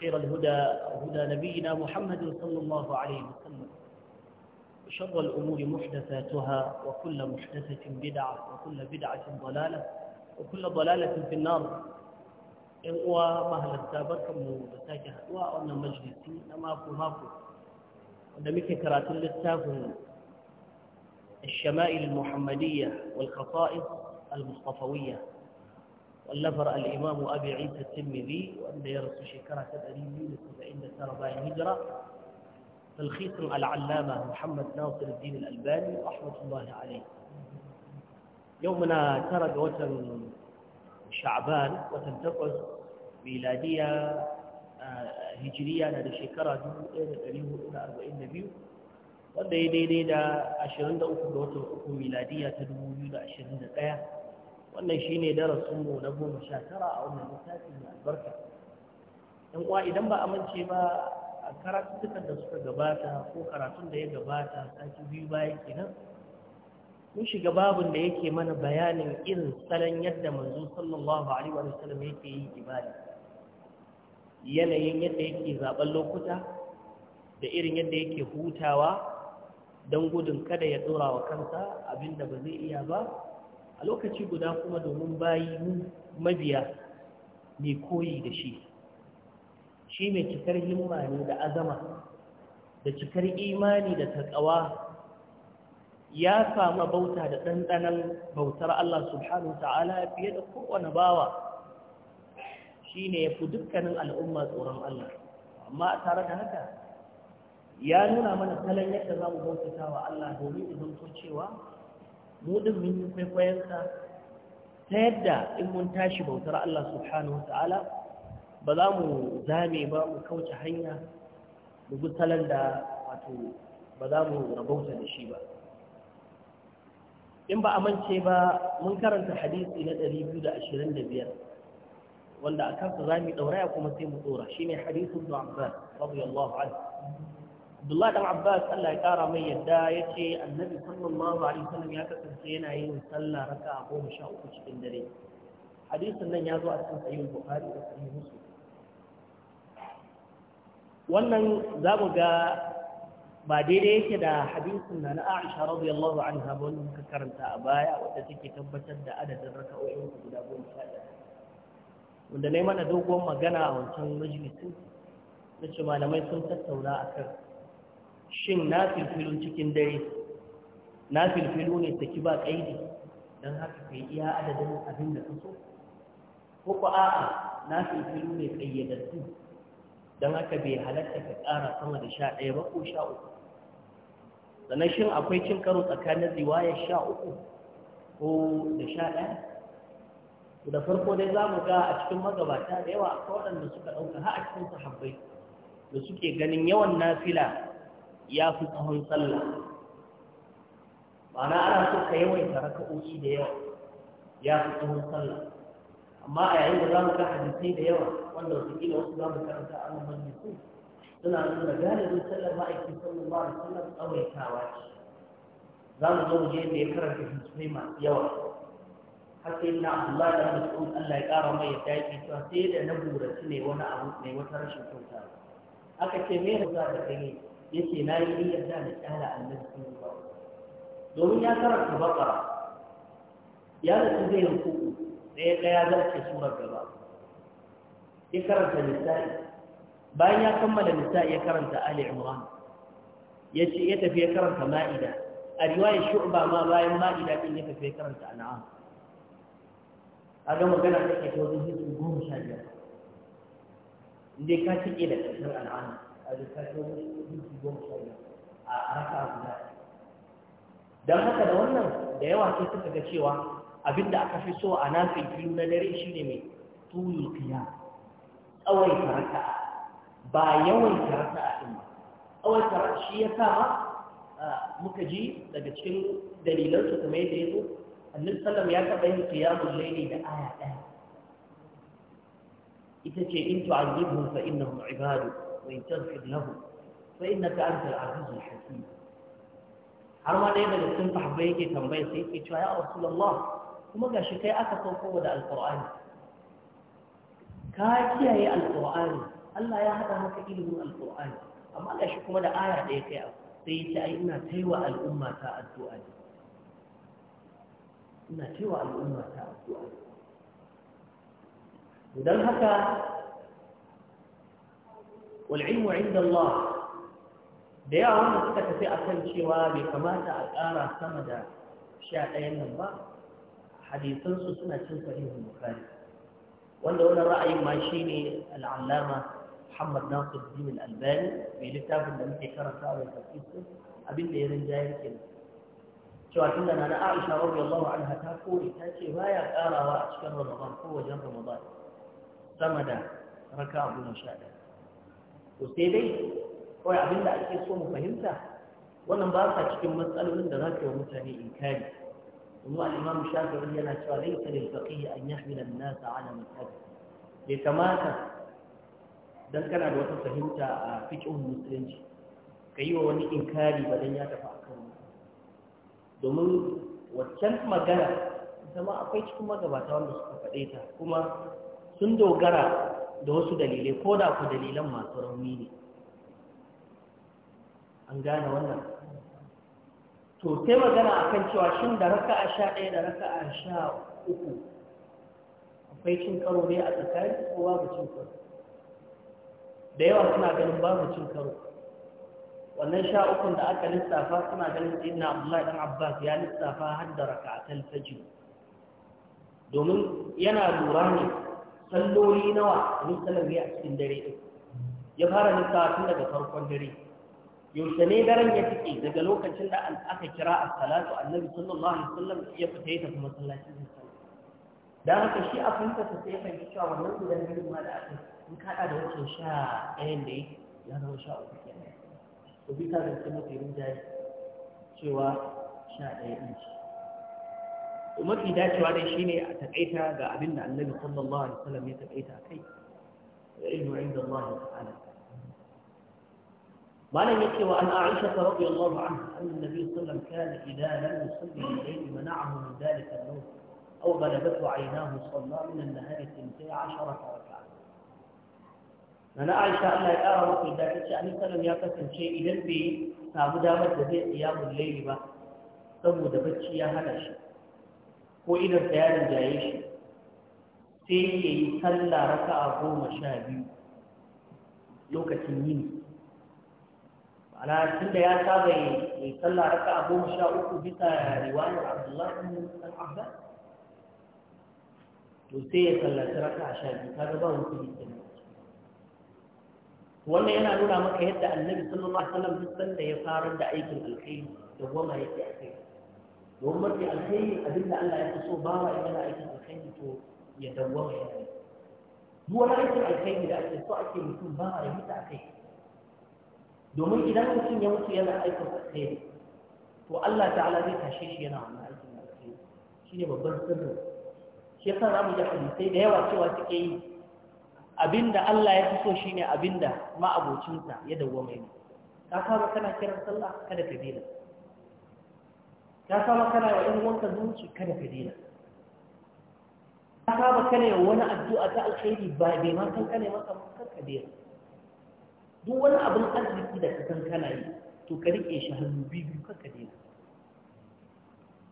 خير الهدى هدى نبينا محمد صلى الله عليه وسلم وشر الأمور محدثاتها وكل محدثة بدعة وكل بدعة ضلالة وكل ضلالة في النار ومهلا تابركم وتاكي هدواء وأن مجلسي ماكو ماكو وأن مكي كراتل الشمائل المحمدية والخصائص المصطفوية واللفر الإمام أبي عيسى التمذي وأن يرسو شكرة الأليمين لتبعين بعد الهجرة تلخيص العلامة محمد ناصر الدين الألباني رحمة الله عليه يومنا ترد وتن شعبان وتن تقص ميلادية آه، هجرية هذا شكرة دون أليه إلى أربعين نبيه وأن يدينينا أشرين دا أخر وتن أخر ميلادية تدمو يولا أشرين دا أخر wannan shi ne darasinmu na goma sha tara a wannan littafi mai albarka ɗan uwa idan ba amince ba a karatuttukan da suka gabata ko karatun da ya gabata sati biyu baya kenan mun shiga babin da yake mana bayanin irin salon yadda manzo sallallahu alaihi wa sallam yake yi ibada yanayin yadda yake zaben lokuta da irin yadda yake hutawa don gudun kada ya dora wa kansa abinda ba zai iya ba a lokaci guda kuma domin bayi mabiya mai koyi da shi shi mai cikar himma ne da azama da cikar imani da taƙawa ya samu bauta da ɗanɗanan bautar Allah subhanahu ta'ala fiye da kowane bawa shi ne ya fi dukkanin al'umma tsoron Allah amma tare da haka ya nuna mana salon yadda za mu bautata wa Allah domin izanto cewa mu din mun kwaikwayon sa ta yadda in mun tashi bautar Allah subhanahu ta'ala ba za mu zame ba mu kauce hanya mu bi da wato ba za mu rabauta da shi ba in ba a mance ba mun karanta hadisi na 225 wanda a kansa za mu ɗauraya kuma sai mu ɗora shi ne hadisun da abbas radiyallahu anhu Abdullahi dan Abbas Allah ya kara mai yadda ya annabi sallallahu alaihi wasallam ya kasance yana yin sallah raka goma sha uku cikin dare hadisin nan ya zo a cikin sahih bukhari da sahih muslim wannan za mu ga ba daidai yake da hadisin na na Aisha radiyallahu anha ba wannan ka karanta a baya wadda take tabbatar da adadin raka'o'in guda goma sha ɗaya wanda na mana doguwar magana a wancan majalisin nace malamai sun tattauna a kan shin na filfilun cikin dare na filfilu ne saki ba ƙaidi don haka kai iya adadin abin da so ko ku a'a na filfilu ne ƙayyadattu don haka bai halatta ka ƙara sama da sha ɗaya ba ko sha uku sannan shin akwai cin karo tsakanin riwaya sha uku ko da sha ɗaya da farko dai za mu ga a cikin magabata da yawa a waɗanda suka ɗauka har a cikin sahabbai da suke ganin yawan nafila ya fi tsawon sallah ma'ana ana so ka yawaita raka'o'i da yawa ya fi tsawon sallah amma a yayin da za mu kan hadisai da yawa wanda wasu wataƙila wasu za mu karanta a nan majalisu suna nuna galibin sallar ma'aikin sallallahu alaihi wasallam tsawaitawa ce za mu zo mu je da ya karanta hadisai masu yawa har sai na Abdullahi da Mas'ud Allah ya ƙara mai yadda yake cewa sai da na buraci ne wani abu ne wata rashin kyauta aka ce me yasa da kai yake na yi niyyar da na kyala annabi ba. domin ya karanta bakara ya zaci zai rukuku ɗaya ɗaya za zarce surar gaba ya karanta misali. bayan ya kammala misali, ya karanta ali imran ya ce ya tafi ya karanta ma'ida a riwayar shu'ba ma bayan ma'ida ɗin ya tafi ya karanta an'am a ga magana take ta wajen hisu goma sha biyar inda ka cike da ƙarshen al'ana a littafin minti goma sha biyar a guda don haka da wannan da yawa ke suka ga cewa abinda aka fi so a nafi biyu na dare shi ne mai tuli kiya tsawai karaka ba yawan karaka a ɗin ba tsawai karaka shi ya sa ma muka ji daga cikin dalilansu kuma yadda ya zo annabi sallam ya taɓa yin kiyamun laili da aya ɗaya ita ce in tu'azibhum fa innahum ibadu وإن له فإنك أنت العزيز الحكيم har ma ɗaya daga cikin sahabbai yake tambayar sai yake cewa ya rasulullah kuma gashi kai aka sauko da Alƙur'ani. ka kiyaye Alƙur'ani? Allah ya haɗa maka ilimin Alƙur'ani. amma gashi kuma da aya ɗaya kai sai ya ce ai ina wa al'umma ta addu'a ina wa al'umma ta addu'a don haka والعلم عند الله da yawa wanda suka tafi a kan cewa bai kamata a ƙara sama da sha ɗayan nan ba hadisansu suna cin sahihun bukari wanda wannan ra'ayin ma shi ne al'allama muhammad nasir bin albani mai littafin da muke karanta mai tafsir abin da ya rinjaye ke cewa tun da na aisha rabbi allahu anha ta kore ta ce baya ƙarawa a cikin ramadan ko wajen ramadan sama da raka goma sha ɗaya to sai dai kawai abin da ake so mu fahimta wannan ba sa cikin matsalolin da za ka yi mutane inkari kuma al'imamu shafi'i yana cewa laisa da faqihi an yahmila na nasa ala mazhabi bai kamata dan kana da wata fahimta a fikin musulunci ka yi wa wani inkari ba dan ya tafi akan domin waccan magana zama akwai cikin magabata wanda suka faɗe ta kuma sun dogara da wasu dalilai ko da ku dalilan masu rauni ne an gane wannan to sai magana akan cewa shin da raka a sha ɗaya da raka a sha uku akwai cin karo ne a tsakani ko babu cin karo da yawa suna ganin babu cin karo wannan sha ukun da aka lissafa suna ganin inna abdullahi dan abbas ya lissafa har da raka'atul fajr domin yana lura ne salloli nawa ni sallar ya a cikin dare ya fara nisa tun daga farkon dare yaushe ne daren ya fice daga lokacin da aka kira a salatu annabi sallallahu alaihi wasallam ya fita ya tafi masallacin sallah da haka shi a fahimta ta sai ya cewa wannan gudan biyu ma da aka in kaɗa da wancan sha ɗayan da ya zama sha uku kenan to bisa da kuma mafi rinjaye cewa sha ɗaya ɗin to mafi dacewa dai shine a takaita ga abin da annabi sallallahu alaihi wasallam ya takaita kai ilmu inda Allah ta'ala malam yake wa an Aisha radiyallahu anha anna nabi sallallahu alaihi wasallam kana idza lam yusalli al-layl mana'ahu min dhalika an-nawm aw ghalabathu 'aynahu salla min an-nahari 12 rak'ah Nana Aisha Allah ya ƙara masa da ta ce Annabi sallallahu ya kasance idan bai samu damar da zai iya laili ba saboda bacci ya hana shi ko idan ya rinjaye shi sai ya yi sallah raka a goma sha biyu lokacin yini ana tun da ya saba ya yi sallah raka a goma sha uku bisa riwayar abdullahi ɗan abbas to sai ya sallaci raka a sha biyu kaga ba wani kuɗi wannan yana nuna maka yadda annabi sallallahu alaihi wasallam duk sanda ya fara da aikin alkhairi da goma yake a kai domin mafi alkhairi abinda Allah ya fi so ba wa yana aikin alkhairi to ya dawwama ya yi duk wani aikin alkhairi da ake so ake mutum ba wa ya mutu a kai domin idan mutum ya mutu yana aikin alkhairi to Allah ta'ala zai tashe shi yana wannan aikin alkhairi shine babban sirri shi yasa mu ji hadisai da yawa cewa suke yi abinda Allah ya fi so shine abinda ma'abocinsa ya dawwama yana ka kama kana kiran sallah kada ka daina. ta saba kana wa ɗan wanka zuci kada ka dina ta saba kana wa wani addu'a ta alkhairi ba bai ma kan kana masa kan ka dina duk wani abin arziki da ka san kana yi to ka riƙe shi hannu biyu kan ka dina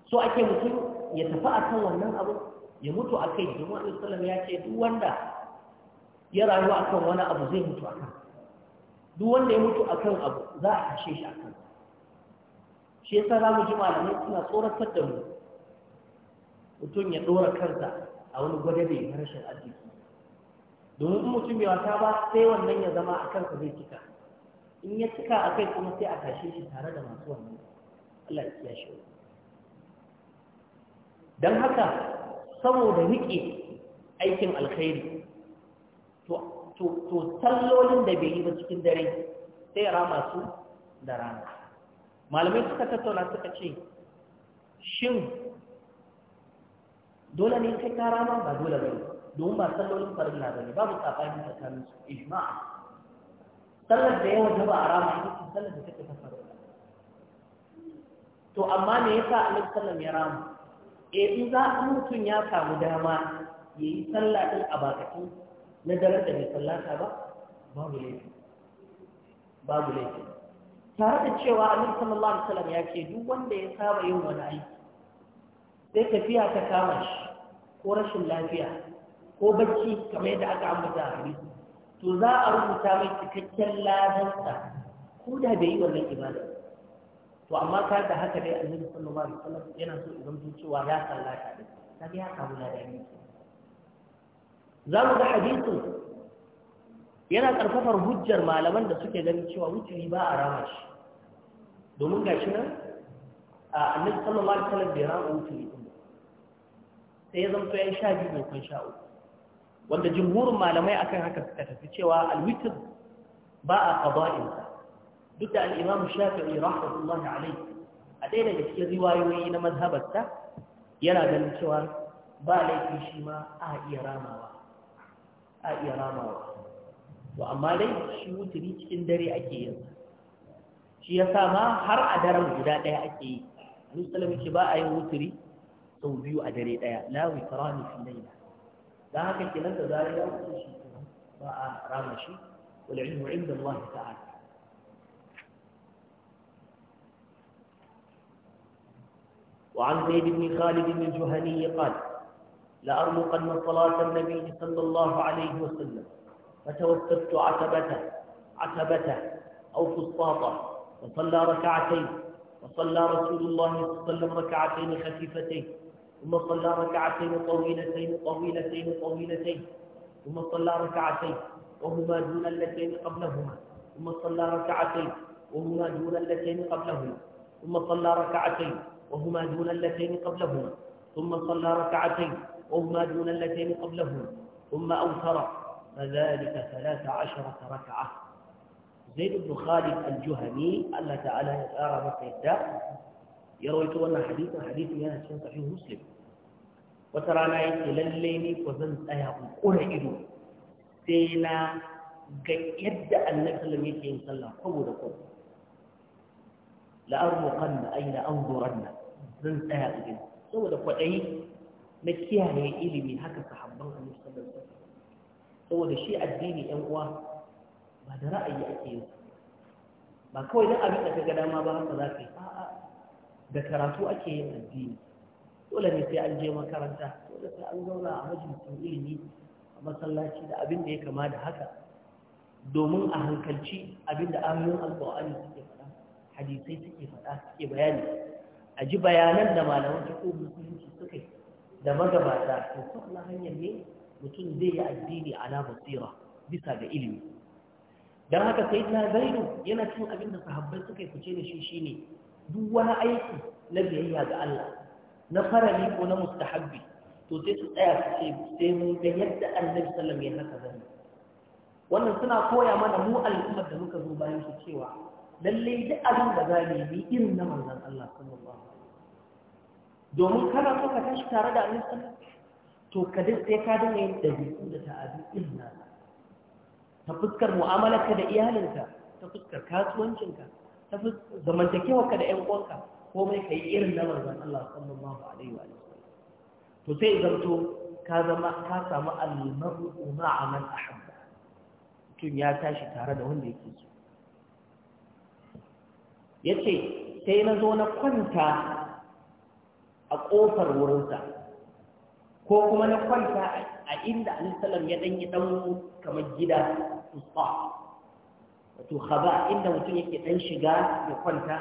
so ake mutum ya tafi akan wannan abu ya mutu a kai domin wani salam ya ce duk wanda ya rayu akan wani abu zai mutu akan duk wanda ya mutu akan abu za a kashe shi akan shi yasa za mu ji malamai suna tsoratar da mu mutum ya ɗora kansa a wani da na rashin arziki domin in mutum ya wata ba sai wannan ya zama a kansa zai cika in ya cika a kai kuma sai a tashe shi tare da masu wannan Allah ya kiya shi don haka saboda riƙe aikin alkhairi to tallolin da bai yi ba cikin dare sai rama su da rana malamai suka tattauna suka ce shin dole ne kai kara ma ba dole ba domin ba sallolin farin na bane babu tsakanin tsakanin su ijma'a sallar da yawa ba a rama ita ce sallar da take ta farilla to amma me yasa annabi sallam ya rama E! in za a mutum ya samu dama yi sallah din a bakatu na daren da bai sallata ba babu laifi babu laifi tare da cewa annabi sallallahu alaihi wasallam ya ce duk wanda ya saba yin wani aiki sai tafiya ta kama shi ko rashin lafiya ko bacci kamar yadda aka ambata a hadisi to za a rubuta mai cikakken ladansa ko da bai yi wannan ibada to amma ka da haka dai annabi sallallahu alaihi wasallam yana so idan sun cewa ya sallata din ta ya samu ladani za mu ga hadisin yana karfafar hujjar malaman da suke ganin cewa wuturi ba a rama shi domin ga shi nan a annabi sallallahu alaihi wasallam bai rama wuturi din sai ya zanto yan sha biyu maimakon sha uku wanda jumhurin malamai akan haka suka tafi cewa alwitr ba a qada'in duk da al-imam shafi'i rahmatullahi alaihi a ɗaya daga cikin riwayoyi na mazhabarta yana ganin cewa ba laifi shi ma a iya ramawa a iya ramawa to amma dai shi wuturi cikin dare ake yin shi ya sa ma har a daren guda ɗaya ake yi musulmi ce ba a yin wuturi sau biyu a dare ɗaya la wutara ne fi laila don haka kenan da zarar ya wuce shi ba a rama shi wal ilmu inda Allah ta'ala وعن زيد بن خالد الجهني قال لأرمقن صلاة النبي صلى الله عليه وسلم فتوسدت عتبته عتبته أو فسطاطه وصلى ركعتين وصلى رسول الله صلى الله عليه وسلم ركعتين خفيفتين ثم صلى ركعتين طويلتين طويلتين طويلتين ثم صلى ركعتين وهما دون اللتين قبلهما ثم صلى ركعتين وهما دون اللتين قبلهما ثم صلى ركعتين وهما دون اللتين قبلهما ثم صلى ركعتين وهما دون اللتين قبلهما ثم أوتر فذلك ثلاث عشرة ركعة زيد بن خالد الجهني الله تعالى يتعالى بقيدة يروي تونا حديث حديث يانا سنة حيو مسلم وترانا إلى الليل وزنت أيها القرئ سينا يبدا النبي صلى الله عليه وسلم قول قول لارمقن اين انظرن زنت اهل الجنه سوى دقوا اي نكيه الي من هكا صحابه النبي صلى الله عليه وسلم saboda shi addini yan uwa ba da ra'ayi ake yi ba kawai don abin da ka gada ma ba haka za ka yi a'a da karatu ake yin addini dole ne sai an je makaranta dole sai an zauna a majalisun ilimi a masallaci da abin da ya kama da haka domin a hankalci abin da amin alƙawari suke faɗa hadisai suke faɗa suke bayani a ji bayanan da malaman ko musulunci suka yi da magabata to kuma hanyar ne mutum zai yi addini ala basira bisa ga ilimi don haka sai ta zaidu yana cin abin da sahabbai suka yi fice da shi shine duk wani aiki na biyayya ga Allah na farali ko na mustahabbi to sai su tsaya su ce sai mun ga yadda annabi sallam ya naka zai wannan suna koya mana mu al'ummar da muka zo bayan su cewa lallai duk abin da za mu yi irin na manzon Allah sallallahu alaihi wasallam domin kana so ka tashi tare da annabi to kadin sai ka dinga yin ɗabi'u da ta'adu irin nasa ta fuskar mu'amalarka da iyalinka ta fuskar kasuwancinka ta fuskar zamantakewarka da ƴan uwanka komai ka yi irin na manzon Allah sallallahu alaihi wa sallam to sai zanto ka zama ka samu al-mar'u ma'a man ahabba mutum ya tashi tare da wanda yake so yace sai na zo na kwanta a kofar wurinsa ko kuma na kwanta a inda alisalam ya ɗan yi ɗan kamar gida tsufa wato haba inda mutum yake ɗan shiga ya kwanta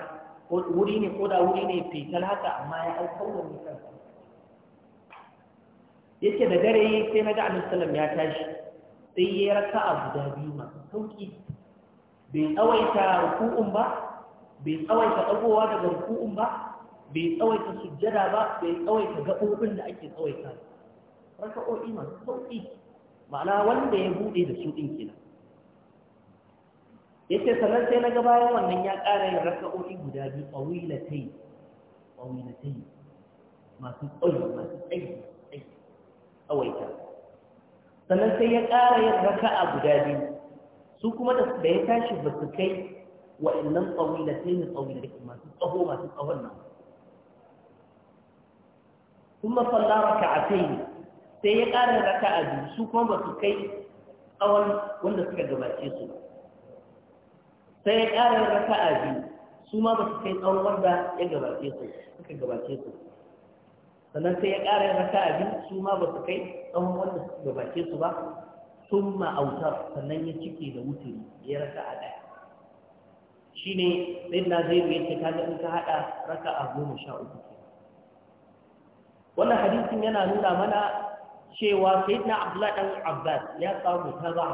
ko wuri ne ko da wuri ne fitar haka amma ya an kawo da kansa yake da dare sai na ga alisalam ya tashi sai ya raka a guda biyu masu sauƙi bai tsawaita ruku'un ba bai tsawaita ɗagowa daga ruku'un ba bai tsawaita sujjada ba bai tsawaita gaɓoɓin da ake tsawaita ba raka'o'i masu sauƙi ma'ana wanda ya bude da su ɗin Ya yace sannan sai na ga bayan wannan ya ƙara yin raka'o'i guda biyu tsawilatai tsawilatai masu tsayi masu tsayi tsayi tsawaita sannan sai ya ƙara yin raka'a guda biyu su kuma da ya tashi ba su kai innan tsawilatai ne tsawilatai masu tsaho masu tsawon nan kuma sallara ka'atai ne sai ya ƙara raka a biyu su kuma ba su kai tsawon wanda suka gabace su sai ya ƙara raka a biyu su ma ba su kai tsawon wanda ya gabace su suka gabace su sannan sai ya ƙara raka a biyu su ma ba su kai tsawon wanda suka gabace su ba sun autar sannan ya cike da wuturi ya raka a ɗaya shi ne sai na zai ya ce ta in ka haɗa raka a goma sha uku wannan hadisin yana nuna mana cewa sai na abdullahi Dan abbas ya samu ta ba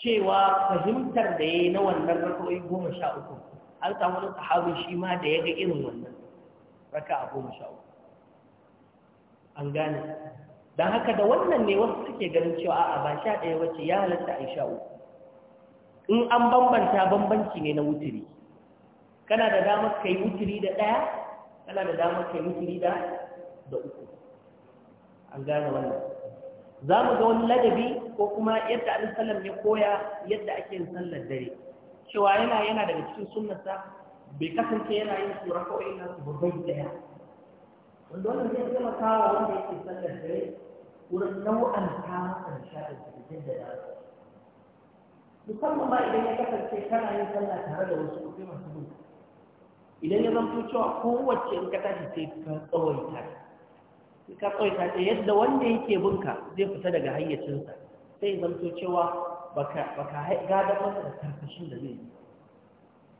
cewa fahimtar da ya yi na wannan rakawoyi goma sha uku an samu wani sahabi shi ma da ya ga irin wannan raka a goma sha uku an gane don haka da wannan ne wasu suke ganin cewa a ba sha ɗaya ce, ya halatta a sha uku in an bambanta bambanci ne na wuturi kana da damar ka yi wuturi da ɗaya kana da damar ka yi wuturi da uku an gane wannan za mu ga wani ladabi ko kuma yadda alaihi ya koya yadda ake yin sallar dare cewa yana yana daga cikin sunnarsa bai kasance yana yin su raka'o'in nan babban daya wanda wannan zai taimaka wa wanda yake sallar dare wurin nau'an ta masa nishaɗin cikin da dare musamman ba idan ya kasance kana yin sallah tare da wasu kuɗi masu gudu idan ya zanto cewa kowace in ka tashi sai ka tsawaita ka kawai ta yadda wanda yake binka zai fita daga hayyacinsa sai zanto cewa baka gadon masa da karkashin da zai yi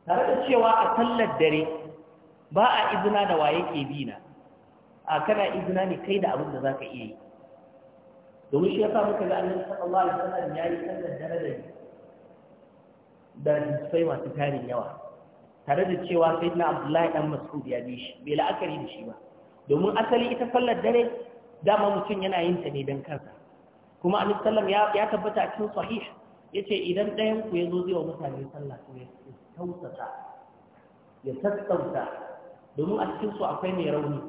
tare da cewa a sallar dare ba a izina da waye ke na, a kana izina ne kai da abin da za ka iya yi domin shi ya sa muka ga annabi sallallahu alaihi wasallam ya yi sallar dare da da sai masu tarin yawa tare da cewa sayyidina abdullahi dan mas'ud ya bi shi bai la'akari da shi ba domin asali ita sallar dare dama mutum yana yin ta ne don kansa kuma annabi sallam ya tabbata a cikin sahih yace idan ɗayan ku ya zo zai wa mutane sallah to ya tausasa ya tattauta domin a cikin su akwai mai rauni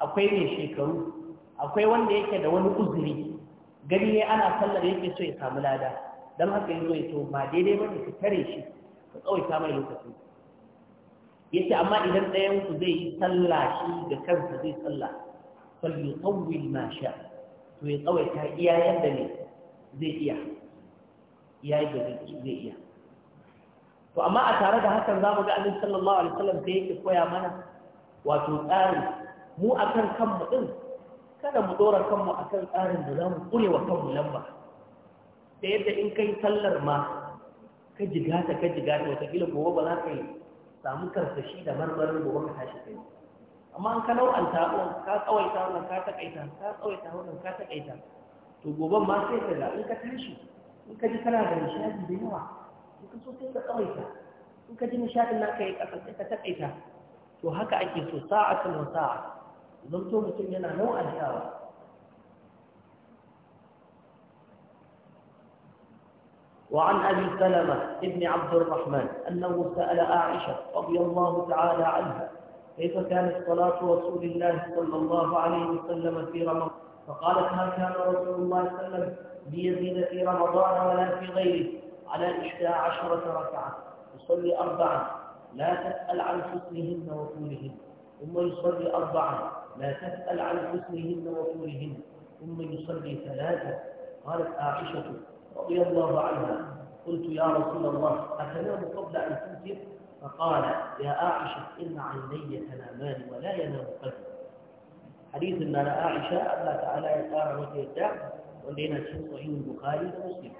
akwai mai shekaru akwai wanda yake da wani uzuri gani ne ana sallar yake so ya samu lada don haka zo ya to ba daidai ba ne ka tare shi ka tsawaita mai lokacin yace amma idan ɗayan ku zai yi sallah shi da kansa zai sallah fal yutawwil ma sha to ya tsawaita iya yadda ne zai iya iya yadda zai iya to amma a tare da hakan za mu ga annabi sallallahu alaihi wasallam sai yake koya mana wato tsari mu akan kanmu din kada mu dora kanmu akan tsarin da zamu kure wa kanmu lamba da yadda in kai sallar ma ka jigata ka jigata wata kila gobe ba za ka yi samu karkashi da marmarin gobe ka tashi kai amma an ka nau'anta ka tsawaita wannan ka takaita ka tsawaita wannan ka takaita to goben ma sai ka ga in ka tashi in ka ji kana da nishadi da yawa in ka so sai ka tsawaita in ka ji nishadin naka ya kasa sai ka takaita to haka ake so sa'a kan sa'a zanto mutum yana nau'antawa وعن أبي سلمة ابن عبد الرحمن أنه سأل عائشة رضي الله تعالى عنها كيف كانت صلاة رسول الله صلى الله عليه وسلم في رمضان فقالت ما كان رسول الله صلى الله عليه وسلم ليزيد في رمضان ولا في غيره على إحدى عشرة ركعة يصلي أربعة لا تسأل عن حسنهن وطولهن ثم يصلي أربعة لا تسأل عن حسنهن وطولهن ثم يصلي ثلاثة قالت عائشة رضي الله عنها قلت يا رسول الله أتنام قبل أن تنتم فقال يا عائشة إن عيني تنامان ولا ينام قلبي حديث أن عائشة الله تعالى يقارن وتيدع ولينا في صحيح البخاري ومسلم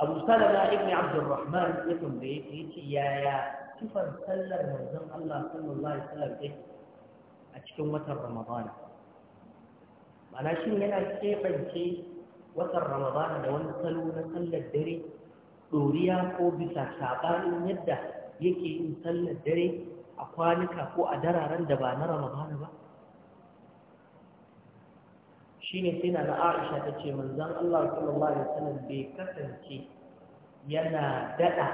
أبو سلمة ابن عبد الرحمن يكن بيت يا يا سلم sallar manzon الله sallallahu alaihi wasallam take a cikin رمضان Ramadan. Mana shin yana watan ramadana da wani salo na sallar dare ɗoriya ko bisa saɓanin yadda yake yin sallar dare a kwanuka ko a dararen da ba na ramadana ba shi ne sai na na'arisha aisha ta ce manzan allah sallallahu alaihi wasallam bai kasance yana daɗa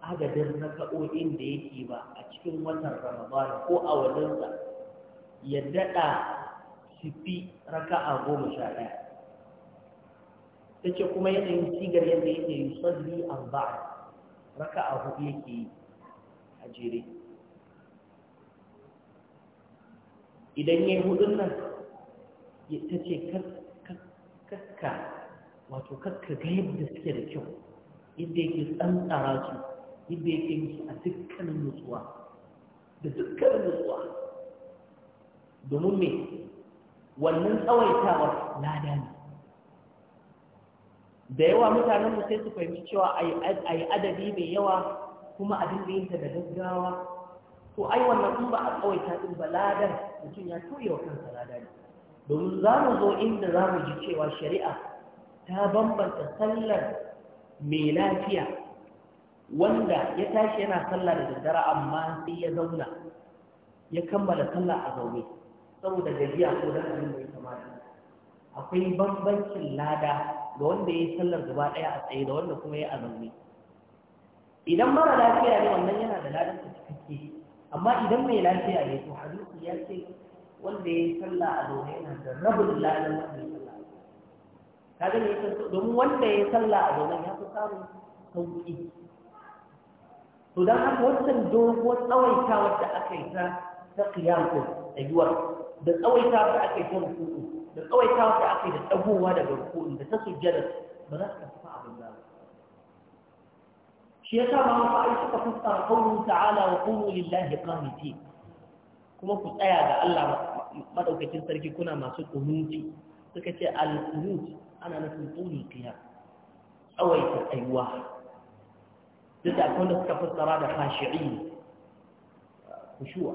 adadin raka'o'in da yake ba a cikin watan ramadana ko a wadansa ya daɗa sifi raka'a goma sha ɗaya ta ce kuma yanayin sigar yadda yake yi salli arba raka a hudu yake yi a jere idan ya yi hudun nan ta ce kakka wato kakka ga yadda suke da kyau yadda yake tsantsara su yadda yake yi a dukkanin nutsuwa da dukkanin nutsuwa domin me wannan tsawaitawar lada ne da yawa mutanen mu sai su fahimci cewa a yi adadi mai yawa kuma abin da yin da gaggawa to ai wannan in ba a tsawaita din ba ladan mutum ya tuye wa kansa ladan domin za mu zo inda za mu ji cewa shari'a ta bambanta sallar mai lafiya wanda ya tashi yana sallah da daddare amma sai ya zauna ya kammala sallah a zaune saboda gajiya ko da abin ya kamata akwai bambancin lada ga wanda ya yi sallar gaba ɗaya a tsaye da wanda kuma ya azumi idan mara lafiya ne wannan yana da ladan cikakke amma idan mai lafiya ne to hadisi ya ce wanda ya yi sallah a zaune yana da rabin ladan wanda ya sallah ka gani ya domin wanda ya yi sallah a zaune ya fi samun sauƙi to don haka wancan dogo tsawaita wadda aka yi ta ta kiyam ɗin da da tsawaita wadda aka yi ta rukuku da tsawaitawa da aka yi da tsagowa daga rukun da ta sujjada ba za su kafa abin ba. shi ya sa ba wasu ai suka fassara kaunin ta'ala wa kunu lillahi qaniti kuma ku tsaya da Allah madaukakin sarki kuna masu kunuti suka ce al-qunut ana nufin tsuri qiyam tsawaita tsayuwa duk da akwai da suka fassara da khashi'in kushuwa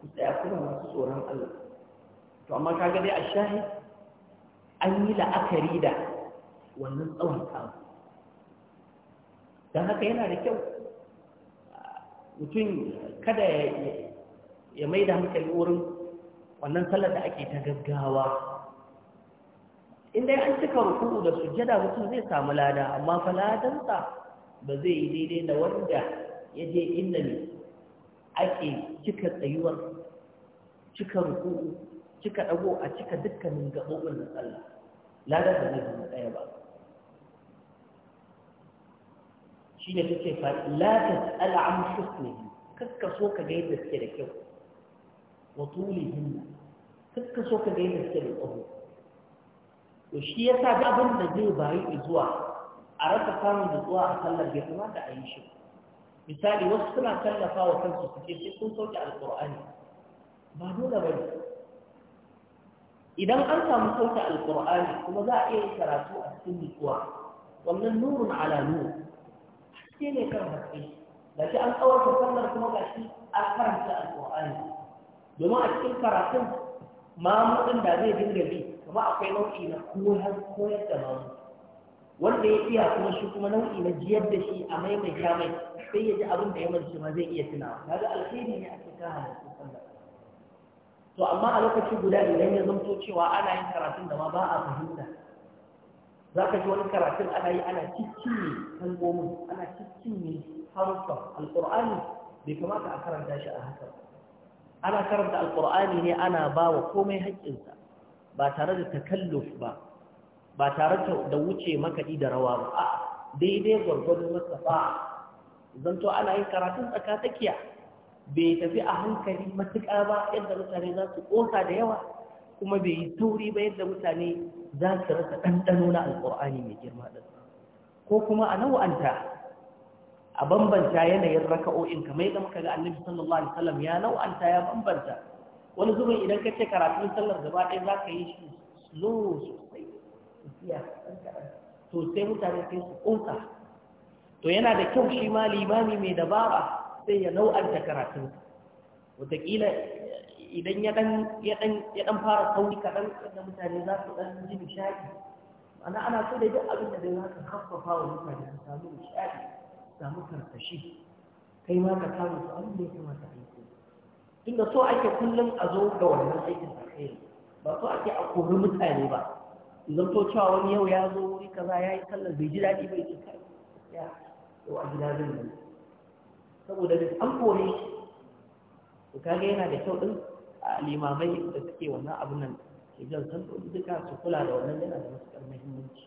ku tsaya kuna masu tsoron Allah to amma ka dai a shahi an yi la'akari da wannan tsawon kawo don haka yana da kyau mutum kada ya mai da hankali wurin wannan sallar da ake ta gaggawa inda an cika ruku'u da sujjada mutum zai samu lada amma faladansa ba zai yi daidai da wanda ya je inda ne ake cika tsayuwar cika ruku'u kika dago a cika dukkanin gaɓoɓin na Allah lalar da zai zama daya ba shi ne take fa la ta tas'al am husnihi kaska so ka ga yadda suke da kyau wa tulihin kaska so ka ga yadda suke da kyau to shi yasa da abin da zai bayi zuwa a rasa samun nutsuwa a sallar bai kamata a yi shi misali wasu suna tallafa wa kansu suke sai sun sauke alqur'ani ba dole ba ne idan an samu sauta alkur'ani kuma za a iya yin karatu a cikin nutsuwa wannan nurun ala nur haske ne kan haske da shi an da sallar kuma ga shi an karanta alƙur'ani domin a cikin karatun mamudin da zai dinga bi kuma akwai nau'i na koyar da mamu wanda ya iya kuma shi kuma nau'i na jiyar da shi a maimaita mai sai ya ji abin da ya mace ma zai iya tunawa kaga alheri ne a cikin halittu to amma a lokaci guda idan ya zamto cewa ana yin karatun da ma ba a fahimta za ka ji wani karatun ana yi ana cikinye kalmomin ana ne harufa alƙur'ani bai kamata a karanta shi a haka ana karanta alƙur'ani ne ana ba wa komai haƙƙinsa ba tare da takalluf ba ba tare da wuce makaɗi da rawa ba a daidai gwargwadon masa ba zanto ana yin karatun tsakatakiya bai tafi a hankali matuƙa ba yadda mutane za su ƙosa da yawa kuma bai yi tauri ba yadda mutane za su rasa ɗanɗano na alƙur'ani mai girma ɗin ko kuma a nau'anta a bambanta yanayin raka'o'in kamar yadda muka ga annabi sallallahu alaihi wasallam ya nau'anta ya bambanta wani zubin idan ka ce karatun sallar gaba ɗaya za ka yi shi slow sosai to sai mutane sai su ƙosa to yana da kyau shi ma limami mai dabara sai ya nau'anta karatun wataƙila idan ya ɗan fara sauri kaɗan da mutane za su ɗan ji nishaɗi ana ana so da duk abin da zai za ka haffafa wa mutane su samu nishaɗi su samu karkashi kai ma ka samu su abin da ya kamata a yi tunda so ake kullum a zo ga wannan aikin alheri ba so ake a kori mutane ba idan to cewa wani yau ya zo wuri kaza ya yi kallon bai ji daɗi bai ji kai ya yau a gida zai saboda an kore su kage yana da kyau din limamai da suke wannan abun nan ke jan santo duka su kula da wannan yana da matuƙar muhimmanci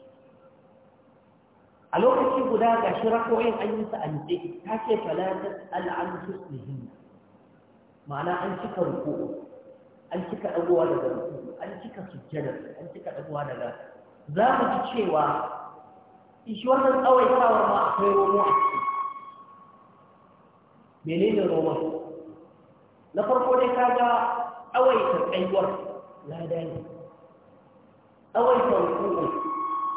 a lokaci guda ga shi rakoyin an yi sa an ce ta ce falatar al'an husnihin ma'ana an cika ruku, an cika ɗagowa daga ruku'u an cika sujjadar an cika ɗagowa daga za mu ci cewa shi wannan tsawai ma akwai romo a menene roman na farko dai ka kaga awaita tsayuwar lada ne awaita rukun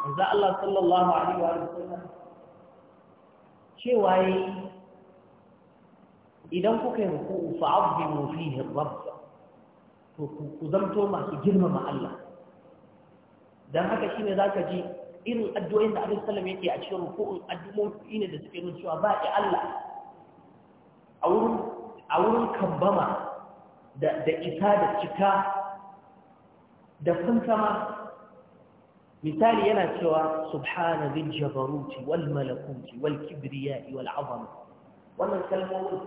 manzo Allah sallallahu alaihi wa sallam cewa yi idan kuka yi ruku'u fa'azzimu fihi rabb to ku zamto masu girmama Allah dan haka shi ne za ka ji irin addu'o'in da Annabi sallallahu alaihi yake a cikin ruku'un addu'o'i ne da suke nuna cewa ba ya Allah a wurin kambama da isa da cika da kuntama misali yana cewa subhana zil jabaruti wal malakuti wal kibriya, wal abama. wannan kalmomin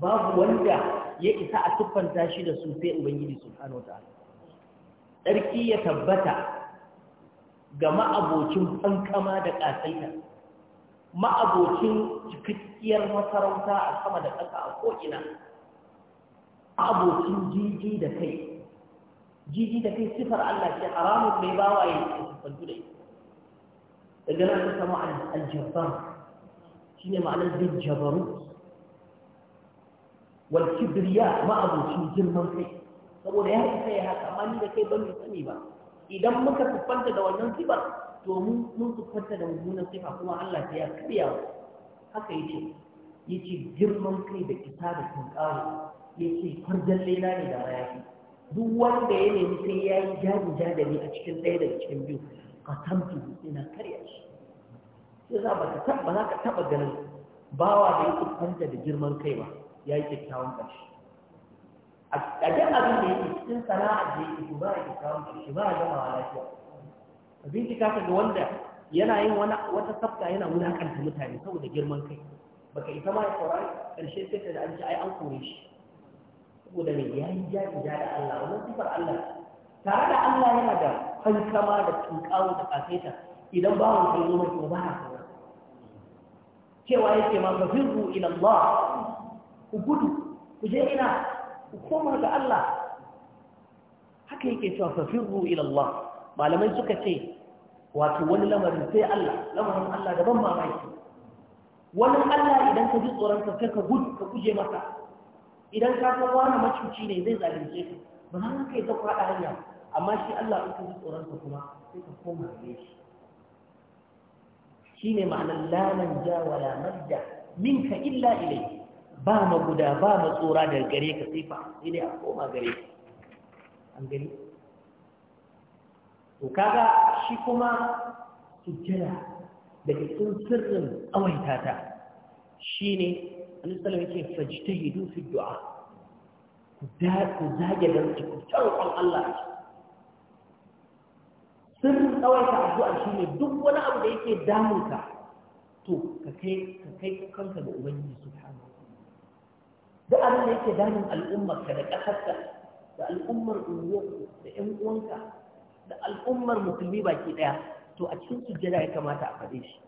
babu wanda ya isa a tuffanta shi da su sai ubangiji subhanahu ta'ala tsarki ya tabbata ga ma'abocin fankama da ƙasaita ma'abocin cikakkiyar masarauta a sama da ƙasa a ko'ina abocin jiji da kai jiji da kai sifar Allah ke haramun mai bawaye a siffantu da ita daga nan ta sama aljabbar shi ne ma'anar bin jabaru wal birya ma'abocin girman kai saboda ya haka ya haka amma ni da kai ban sani ba idan muka tuffanta da wannan sifar to mun mun siffanta da mummunan sifa kuma Allah ya karya haka yace yace girman kai da kita da ya yace farjan laila ne da mayafi duk wanda ya nemi sai ya yi jaji jadali a cikin ɗaya daga cikin biyu a tamtu ina karya shi sai za ba ka taɓa za ka taɓa ganin bawa da ya siffanta da girman kai ba ya yi kyakkyawan ƙarshe a jan abin da yake cikin sana'a da yake ba ya kyakkyawan ƙarshe ba ya gama lafiya ka bincika ka ga wanda yana yin wata tsafta yana wulakanta mutane saboda girman kai baka ita ma ya saurari ƙarshe sai ta da an ci ai an kore shi saboda mai ya yi jari da Allah wannan sifar Allah tare da Allah yana da hankama da tunkawo da kasaita idan bawan kai zo mai ba ha cewa yake ma fafirru ila Allah ku gudu ku je ina ku koma ga Allah haka yake cewa fafirru ila Allah malamai suka ce wato wani lamarin sai Allah lamarin Allah daban mamaki wani Allah idan ka ji tsoron ka ka gud ka kuje masa idan ka san wani macuci ne zai zalunce ka ba za ka yi ta kwada hanya amma shi Allah in ka ji tsoron ka kuma sai ka koma gare shi shine ma'anar lanan ja la madda minka illa ilai ba maguda ba matsora da gare ka sai fa sai dai a koma gare ka an gani to kaga shi kuma sujjada da cikin sirrin awaita ta shine annabi sallallahu alaihi wasallam yake fajtahidu fi du'a ku da ku zage da ku tsawon Allah sirrin awaita addu'a shine duk wani abu da yake damunka to ka kai ka kai kanka da ubangiji subhanahu duk abin da yake damun al'ummar ka da ƙasarka da al'ummar unguwarku da ƴan uwanka da al'ummar musulmi baki daya to a cikin sujjada ya kamata a faɗe shi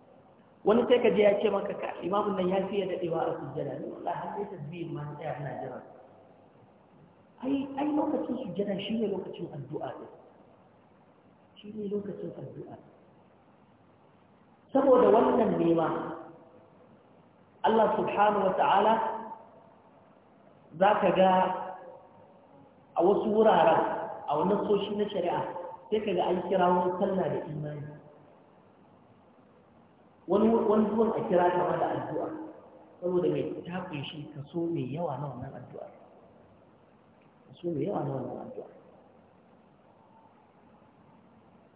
wani sai ka je ya ce maka ka imamun nan ya fiye daɗewa a sujjada ne wallahi har sai tasbihin ma tsaya ina jira ai ai lokacin sujjada shine lokacin addu'a ne shine lokacin addu'a saboda wannan nema Allah subhanahu wa ta'ala za ka ga a wasu wuraren a wannan soshi na shari'a sai kaga an kira wani sallah da imani wani wani zuwan a kira ta da addu'a saboda mai ta kunshi kaso mai yawa na wannan addu'a kaso mai yawa na wannan addu'a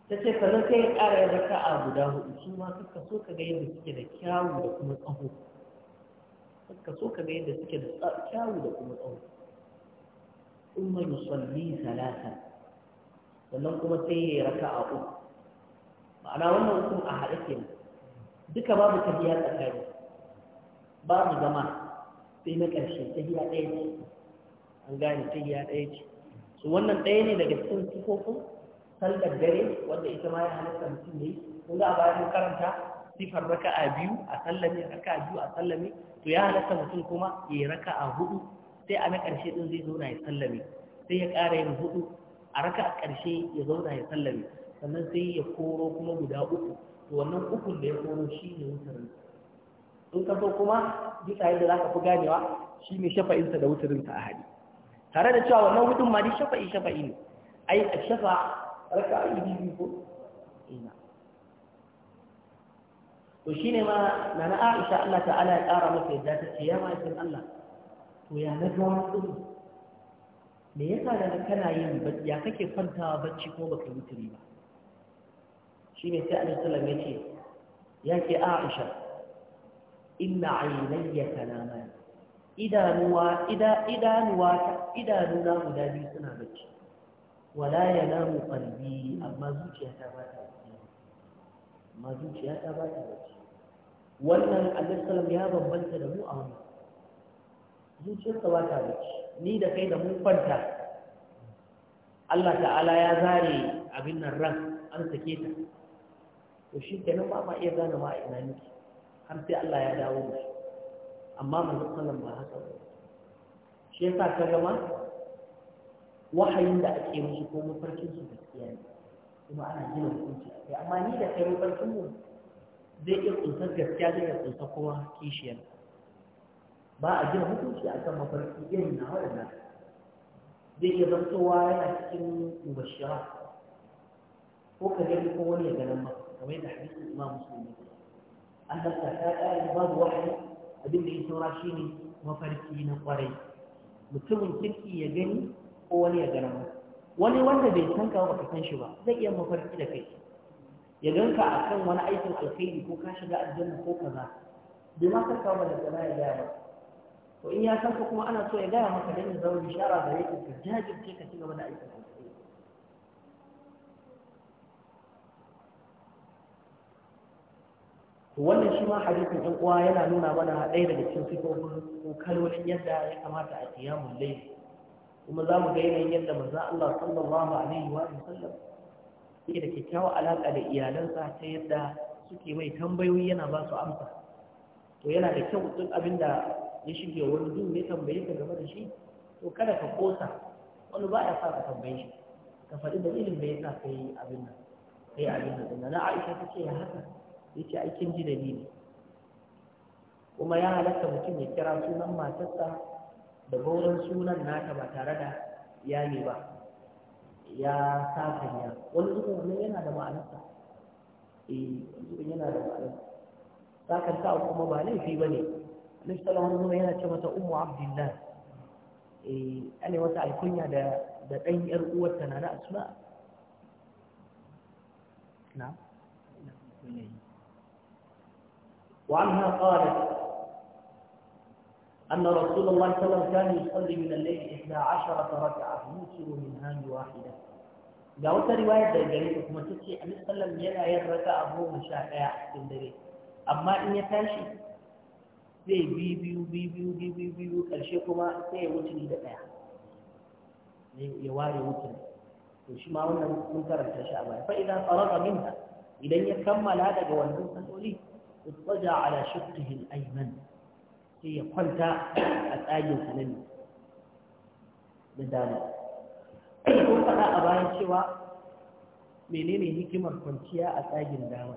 ta ce ka zai ya ƙara yin a guda hudu su ma ka so ka ga yadda suke da kyawu da kuma tsaho Ka so ka ga yadda suke da kyawu da kuma tsaho in ma yi salli sannan kuma sai ya yi raka a uku ma'ana wannan hukun a haɗe ke duka babu ta biya tsakani babu zama sai na ƙarshe biya ɗaya ce an gane ta biya ɗaya ce su wannan ɗaya ne daga cikin sifofin sallar dare wanda ita ma ya halitta mutum ne kun ga a bayan karanta sifar raka a biyu a sallame raka a biyu a sallame to ya halitta mutum kuma ya yi raka a huɗu, sai a na ƙarshe ɗin zai zo na ya sallame sai ya ƙara yin huɗu. a raka a ƙarshe ya zauna ya sallame sannan sai ya koro kuma guda uku to wannan ukun da ya koro shi ne wutarin in ka so kuma bisa yadda za ka fi ganewa shi ne shafa'insa da wutarinsa a hadi tare da cewa wannan hudun ma dai shafa'i shafa'i ne ai a shafa raka a biyu ko ina to shi ne ma na na aisha Allah ta'ala ya ƙara masa yadda ta ce ya ma'aikin Allah to ya na ga wani me yasa da na kana yin ya kake kwantawa bacci ko baka yi turi ba shi ne sai alaihi salam ya ce ya ke aisha inna aynayya kalama idanuwa ida idanuwa idanuna guda biyu suna bacci wala yanamu qalbi amma zuciyata ba ta bacci amma zuciyata ba ta bacci wannan alaihi ya bambanta da mu a wani zuciyarsa ba ta bacci ni da kai da mun kwanta Allah ta'ala ya zare abin nan ran an sake ta to shi kenan ba ma iya gane ma ina nake har sai Allah ya dawo da shi amma manzo sallan ba haka ba shi yasa ka gama wahayin da ake musu ko mafarkin su gaskiya ne kuma ana gina hukunci amma ni da kai mafarkin mu zai iya tsuntar gaskiya zai iya tsuntar kuma kishiyar ba a gina hukunci a kan mafarki irin na waɗannan zai iya zantowa yana cikin mubashira ko ka gani ko wani ya ganin ma kamar yadda hadisin imam musulmi an ta ta ƙara babu wahayi abin da ya saura shi ne mafarki na ƙwarai. mutumin kirki ya gani ko wani ya ganin ma wani wanda bai san ka ba ka san shi ba zai iya mafarki da kai ya ganka akan wani aikin alkhairi ko ka shiga aljanna ko kaza bai ma ka kawo da tsana ya gaya ba to in ya san ka kuma ana so ya gaya maka dan ya zama shara da yake ka jajirce ka ci gaba da aikin alkhairi wannan shi ma hadisin ɗan uwa yana nuna mana ɗaya daga cikin sifofin ko kalolin yadda ya kamata a qiyamul layl kuma za mu ga yanayin yadda manzo Allah sallallahu alaihi wa sallam yake da kyakkyawar alaka da iyalansa ta yadda suke mai tambayoyi yana ba su amsa to yana da kyau duk abinda ya shige wani duhu ya tambaye ka game da shi to kada ka kosa wani ba ya sa ka tambaye shi ka faɗi dalilin da ya sa ka yi abin nan ka yi abin nan na aisha ta ce ya haka ya ce aikin ji ne. kuma ya halatta mutum ya kira sunan matarsa da gauran sunan nata ba tare da ne ba ya ya wani zuwa wannan yana da ma'anarsa eh yana da ma'anarsa sakanta kuma ba laifi ba ne Nabi sallallahu alaihi yana ce mata ummu abdullah eh ana wata alkunya da da dan yar uwarta na asma na وعنها قالت أن رسول الله صلى الله عليه وسلم كان يصلي من الليل إحدى عشرة ركعة يوتر منها بواحدة ga wata riwayar da gare ku kuma tace annabi sallallahu alaihi wasallam yana yin raka'a goma sha daya a cikin dare amma in ya tashi zai bi biyu bi biyu bi biyu biyu ƙarshe kuma sai ya wuce da ɗaya ya ware wuce to shi ma wannan mun karanta shi a baya fa idan faraga minha idan ya kammala daga wannan sanoli ittaja ala shaqqihi al-ayman sai ya kwanta a tsagin sa nan da dama ko faɗa a bayan cewa menene hikimar kwanciya a tsagin dama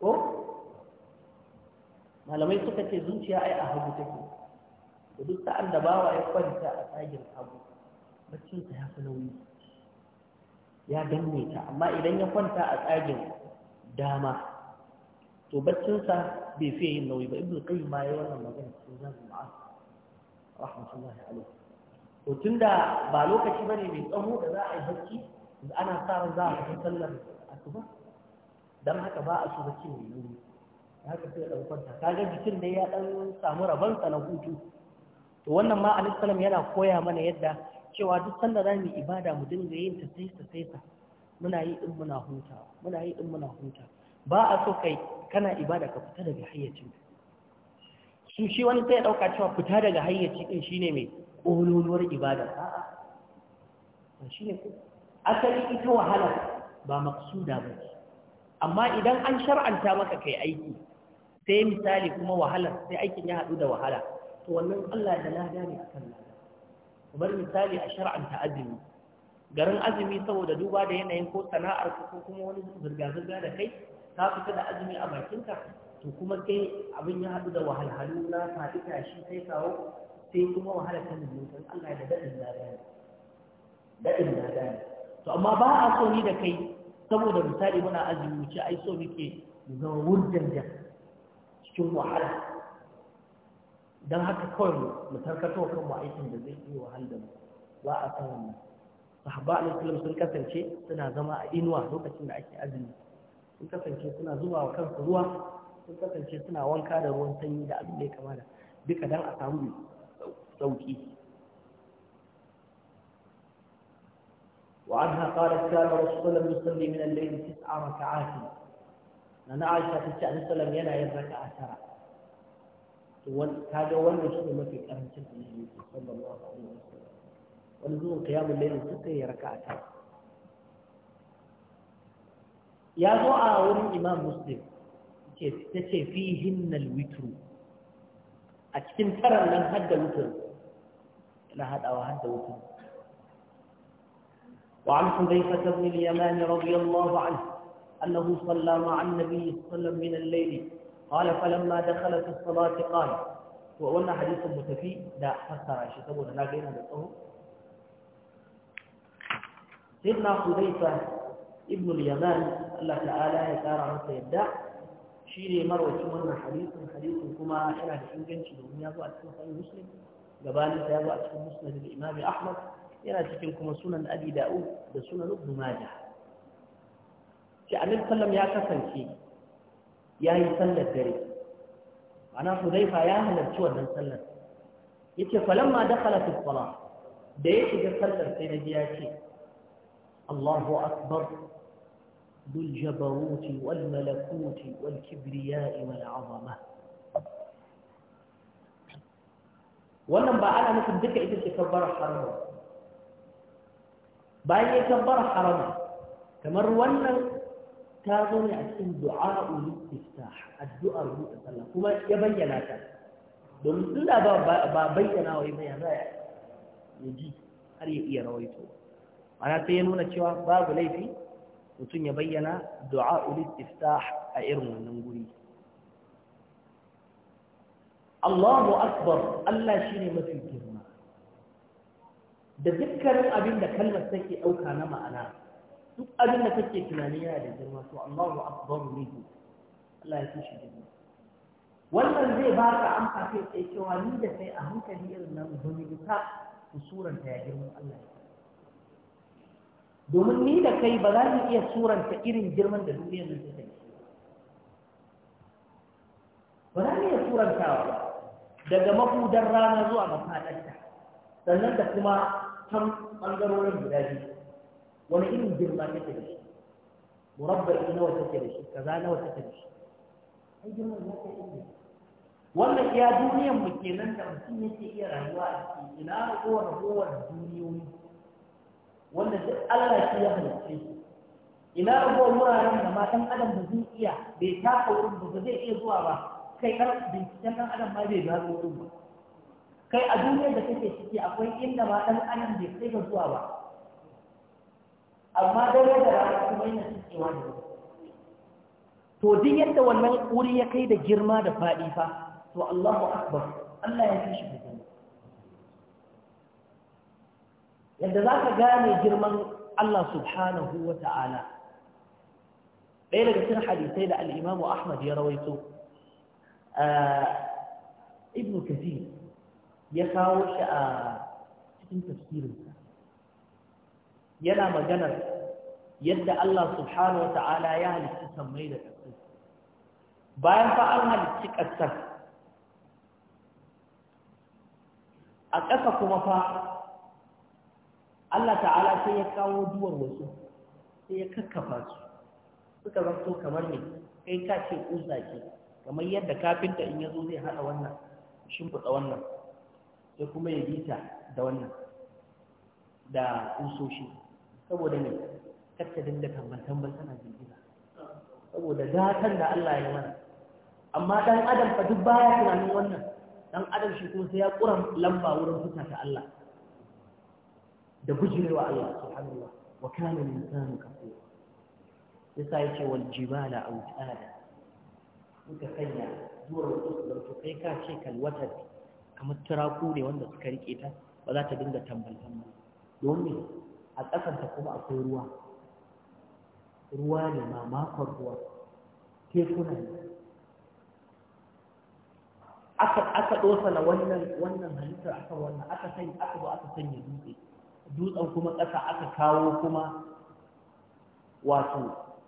ko malamai suka ce zuciya ai a hagu take da duk sa'an da bawa ya kwanta a tsagin hagu baccinsa ya fi nauyi ya danne ta amma idan ya kwanta a tsagin dama to baccinsa bai fiye yin nauyi ba ibnu qayyim ma yayi wannan magana cikin zamu ma'a rahmatullahi alaihi to tunda ba lokaci bane mai tsawo da za a yi bacci ana sa ran za a fita sallar asuba dan haka ba a so bacci mai nauyi haka sai ɗan kwanta kaga jikin da ya ɗan samu rabonsa na hutu to wannan ma salam yana koya mana yadda cewa duk sanda za mu ibada mu dinga yin ta sai ta sai ta muna yi in muna huta muna yi in muna huta ba a so kai kana ibada ka fita daga hayyacin su shi wani sai ya ɗauka cewa fita daga hayyaci ɗin shine mai ƙololuwar ibada a'a ba shine asali ita wahala ba maksuda ba amma idan an shar'anta maka kai aiki sai misali kuma wahala sai aikin ya haɗu da wahala to wannan Allah da na ne a kan lada kamar misali a shar'anta azumi garin azumi saboda duba da yanayin ko sana'ar ko kuma wani zirga-zirga da kai ka fita da azumi a bakinka to kuma kai abin ya haɗu da wahalhalu na faɗi tashi kai kawo sai kuma wahala ta mummutan Allah da daɗin lada ne daɗin lada ne to amma ba a so ni da kai saboda misali muna azumi ce ai so muke mu zama wurjan jasa cikin wahala don haka kawai mu tarkato kan mu aikin da zai yi wahala da mu ba a san wannan sahaba alaihi sun kasance suna zama a inuwa lokacin da ake azumi sun kasance suna zuba wa kansu ruwa sun kasance suna wanka da ruwan sanyi da abin da ya kamata duka don a samu sauki وعنها قالت كان رسول الله يصلي من الليل تسع ركعات أنا عايشة في الشعب السلام ينا يبقى عشرة كاجة وانا شو ما في كرم صلى الله عليه وسلم ونزول قيام الليل ستة يركع عشرة يا دعاء الإمام مسلم تتشي فيهن الوتر أكتم ترى لن هدى الوتر لا هدى وهدى الوتر وعن حذيفة بن اليمان رضي الله عنه أنه صلى مع النبي صلى الله عليه وسلم من الليل قال فلما دخل في الصلاة قال وأولنا حديث متفي لا فسر عشي سبونا لا قينا بالطهو سيدنا حذيفة ابن اليمان الله تعالى يتارى عن سيداء شيري مروة شمنا حديث حديث كما إلى الإنجنش دوم يابو أتكون صحيح مسلم قبالي سيابو أتكون مسند الإمام أحمد إلى تكون كما سنن أبي داود دا سنن ابن ماجه ce annabi sallam ya kasance ya yi sallar dare ana huzaifa ya halarci wannan sallar ya ce falamma dakhala fi da ya shiga sallar sai na biya ce Allahu akbar dul jabaruti wal malakuti wal kibriya'i wal azama wannan ba ana nufin duka ita ce kabbar harama bayan ya kabbar harama kamar wannan ta zo ne a cikin du'a'ul addu'a ruhu buɗe sallah kuma ya bayyana ta domin tun da ba bayyana wa ya za ya ji har ya iya rawaito ana sai ya nuna cewa babu laifi mutum ya bayyana ulu iftah a irin wannan guri Allahu akbar Allah shine mafi girma da dukkanin abin da kalmar take ɗauka na ma'ana duk abin da kake tunani yana da girma to Allahu akbar minhu Allah ya kishi girma wannan zai ba ka amsa kai tsaye cewa ni da kai a hankali irin nan domin ta suranta ya girma Allah ya domin ni da kai ba za mu iya suranta irin girman da duniyar nan take ba za mu iya surantawa ba daga mabudan rana zuwa mafadarta sannan da kuma can ɓangarorin guda biyu wani irin girma take da shi ina nawa take da shi kaza nawa take da shi ai girma za kai ilimi wannan iya duniyan mu kenan da mutum yake iya rayuwa a ciki ina ragowar ragowar duniyoyi wanda duk Allah shi ya halicce ina ragowar wuraren da ma ɗan adam ba zai iya bai taka wurin ba zai iya zuwa ba kai kar binciken ɗan adam ma bai gano wurin ba kai a duniyar da kake ciki akwai inda ma ɗan adam bai kai ba zuwa ba amma dare da rana kuma yana cikewa ne to duk yadda wannan wuri ya kai da girma da faɗi fa to Allahu akbar Allah ya fi shi fitina yadda za ka gane girman Allah subhanahu wa ta'ala ɗaya daga cikin hadisai da al al'imamu Ahmad ya rawaito eh, ibn Kathir ya kawo shi a cikin tafsirinsa yana maganar yadda Allah subhanahu wa ta'ala ya halitta sammai da ƙasai bayan fa an halitta ƙasar a ƙasa kuma fa Allah ta'ala sai ya kawo duwar wasu sai ya kakkafa su suka zanto kamar ne kai ka ce ƙusa ke kamar yadda kafinta in ya zo zai haɗa wannan shimfiɗa wannan sai kuma ya gita da wannan da ƙusoshi saboda ne kacce dinga tambar-tambar tana girgiza saboda gatan da Allah ya mana amma dan adam fa duk baya tunanin wannan dan adam shi kuma sai ya ƙura lamba wurin fita ta Allah da bujirewa Allah subhanahu wa kana insanu kafura yasa yace wal jibala tada muka sanya zuwa da su kai ka ce wata kamar turaku ne wanda suka rike ta ba za ta dinga tambal tambal domin a ƙasanta kuma akwai ruwa ruwa ne ma makon ruwa tekuna ne aka dosa na wannan halittar aka wannan aka sanya aka zo aka sanya dutse dutsen kuma ƙasa aka kawo kuma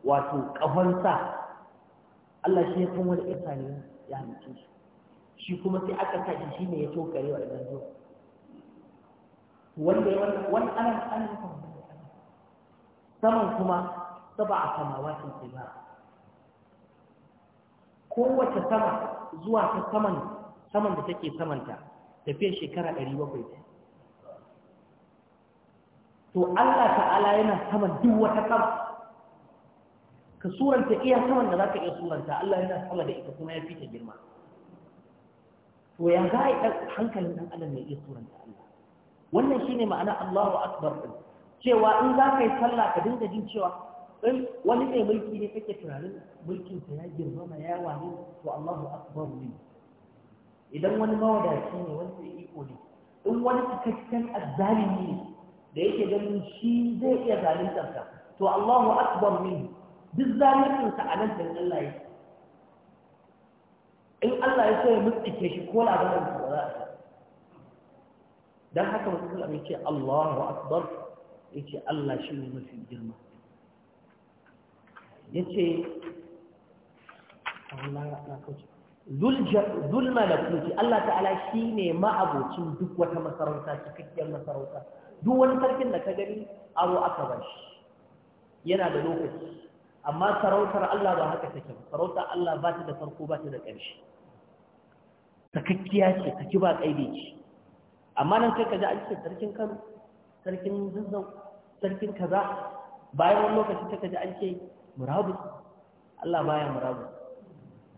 wato ƙahonsa Allah shi ya kan wani ƙasa ne ya halice shi kuma sai aka sa shi ne ya tokare wa idan zuwa wanda ya wannan wani ana ana saman kuma saba a samawatin kibara kowace sama zuwa ta saman saman da take samanta tafiyar shekara 700 to Allah ta'ala yana saman duk wata sama ka suranta iya saman da za ka iya suranta Allah yana sama da ita kuma ya fi ta girma to ya za a yi hankalin ɗan adam ya iya suranta Allah wannan shine ma'ana Allahu akbar din cewa in za ka yi sallah ka dinga jin cewa in wani mai mulki ne kake tunanin mulkin sa ya girma ma ya wani to Allahu akbar ne idan wani mawadaci ne wani mai iko ne in wani cikakken azzalimi ne da yake ganin shi zai iya zaluntar ka to Allahu akbar ne duk zalincin sa a nan da Allah ya in Allah ya so ya mutsike shi ko labarin ba za a Don haka mutum ya ce Allahu akbar ce Allah shi ne mafi girma yace Allah na kauce zul malakuti Allah ta'ala shi ne ma'abocin duk wata masarauta cikakkiyar masarauta duk wani sarkin da ka gani aro aka ba shi yana da lokaci amma sarautar Allah ba haka take ba sarautar Allah ba ta da farko ba ta da ƙarshe sakakkiya ce saki ba ƙaide ce amma nan kai ka ji an ce sarkin kano sarkin zuzzau sarkin kaza bayan wani lokaci kai ka ji an ce murabus Allah baya murabus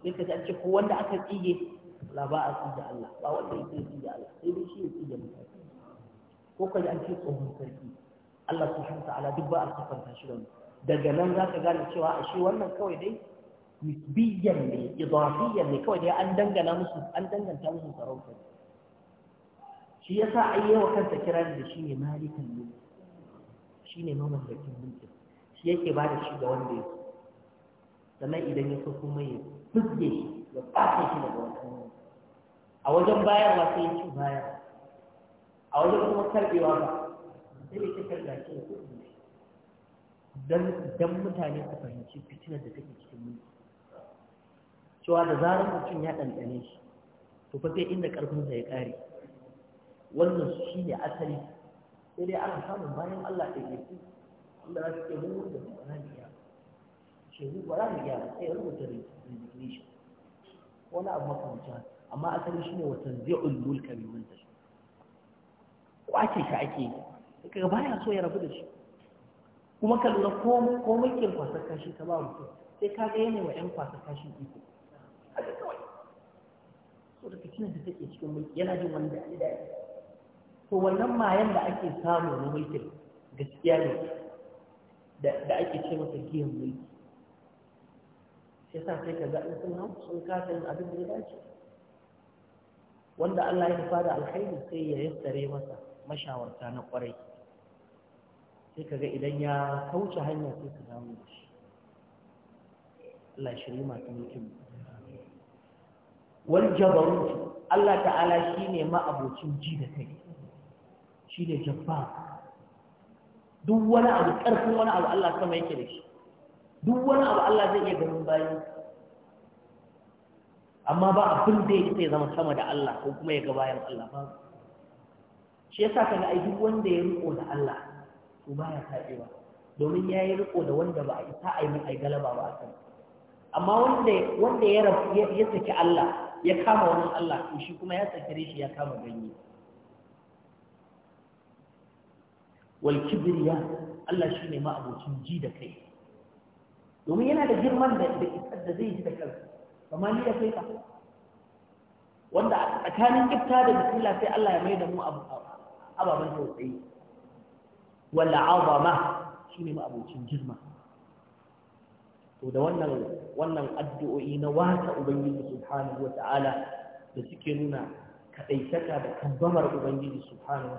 sai ka ji an ce ko wanda aka tsige la ba a tsige Allah ba wanda yake tsige Allah sai dai shi ya tsige mutane ko ka ji an ce tsohon sarki Allah subhanahu wa ta'ala duk ba a sifanta shi da daga nan za ka gane cewa a shi wannan kawai dai nisbiyyan ne idafiyyan ne kawai dai an dangana musu an danganta musu sarauta shi ya sa a yi yawa kanta kira da shi ne malikan ne shi ne da mamallakin mulki shi yake ba da shi ga wanda ya so sannan idan ya so kuma ya fuske shi ya ɓata shi daga wannan mulki a wajen bayarwa sai ya ci bayar a wajen kuma karɓewa ba sai ya ci karɓa shi ya kuɗi don mutane su fahimci fitinar da take cikin mulki cewa da zarar mutum ya ɗanɗane shi to fa sai inda ƙarfinsa ya ƙare wannan shi ne asali sai dai ana samun bayan Allah da ke su Allah ya ce mu da ba za mu iya ce mu ba za mu iya ba sai rubuta resignation wani abu makamancin amma asali shine wa tanzi'ul mulka min man tasha kwace shi ake yi kaga baya so ya rabu da shi kuma ka lura ko komai kin kwasa kashi ka ba mutum sai ka ga yana wa 'yan kwasa kashi iko haka kawai so da kacin da take cikin mulki yana jin wani da daɗi to wannan mayan da ake samu na mulkin gaskiya ne da ake ce masa giyan mulki sai sa sai ka ga sun hau sun kasa yin abin da ya dace wanda Allah ya nufa da alkhairi sai ya yassare masa mashawarta na kwarai sai ka ga idan ya kauce hanya sai ka damu da shi Allah shiri masu mulkin wal jabarut Allah ta'ala shine ma'abocin ji da kai shi ne jabba duk wani abu ƙarfin wani abu Allah sama yake da shi duk wani abu Allah zai iya ganin bayan amma ba abin da yake ya zama sama da Allah ko kuma ya ga bayan Allah ba shi yasa kaga ga duk wanda ya riko da Allah to baya tabewa domin ya yi riko da wanda ba a isa a yi mai ai galaba ba a kan amma wanda wanda ya ya saki Allah ya kama wani Allah to shi kuma ya saki rishi ya kama ganye wal kibriya Allah shine ma abocin ji da kai domin yana da girman da da da zai ji da kansa kamar ni wanda tsakanin ifta da bismillah sai Allah ya mai da mu ababen tausayi wala azama shine ma abocin girma to da wannan addu'o'i na wata ubangiji subhanahu wata'ala da suke nuna kadaitaka da kambamar ubangiji subhanahu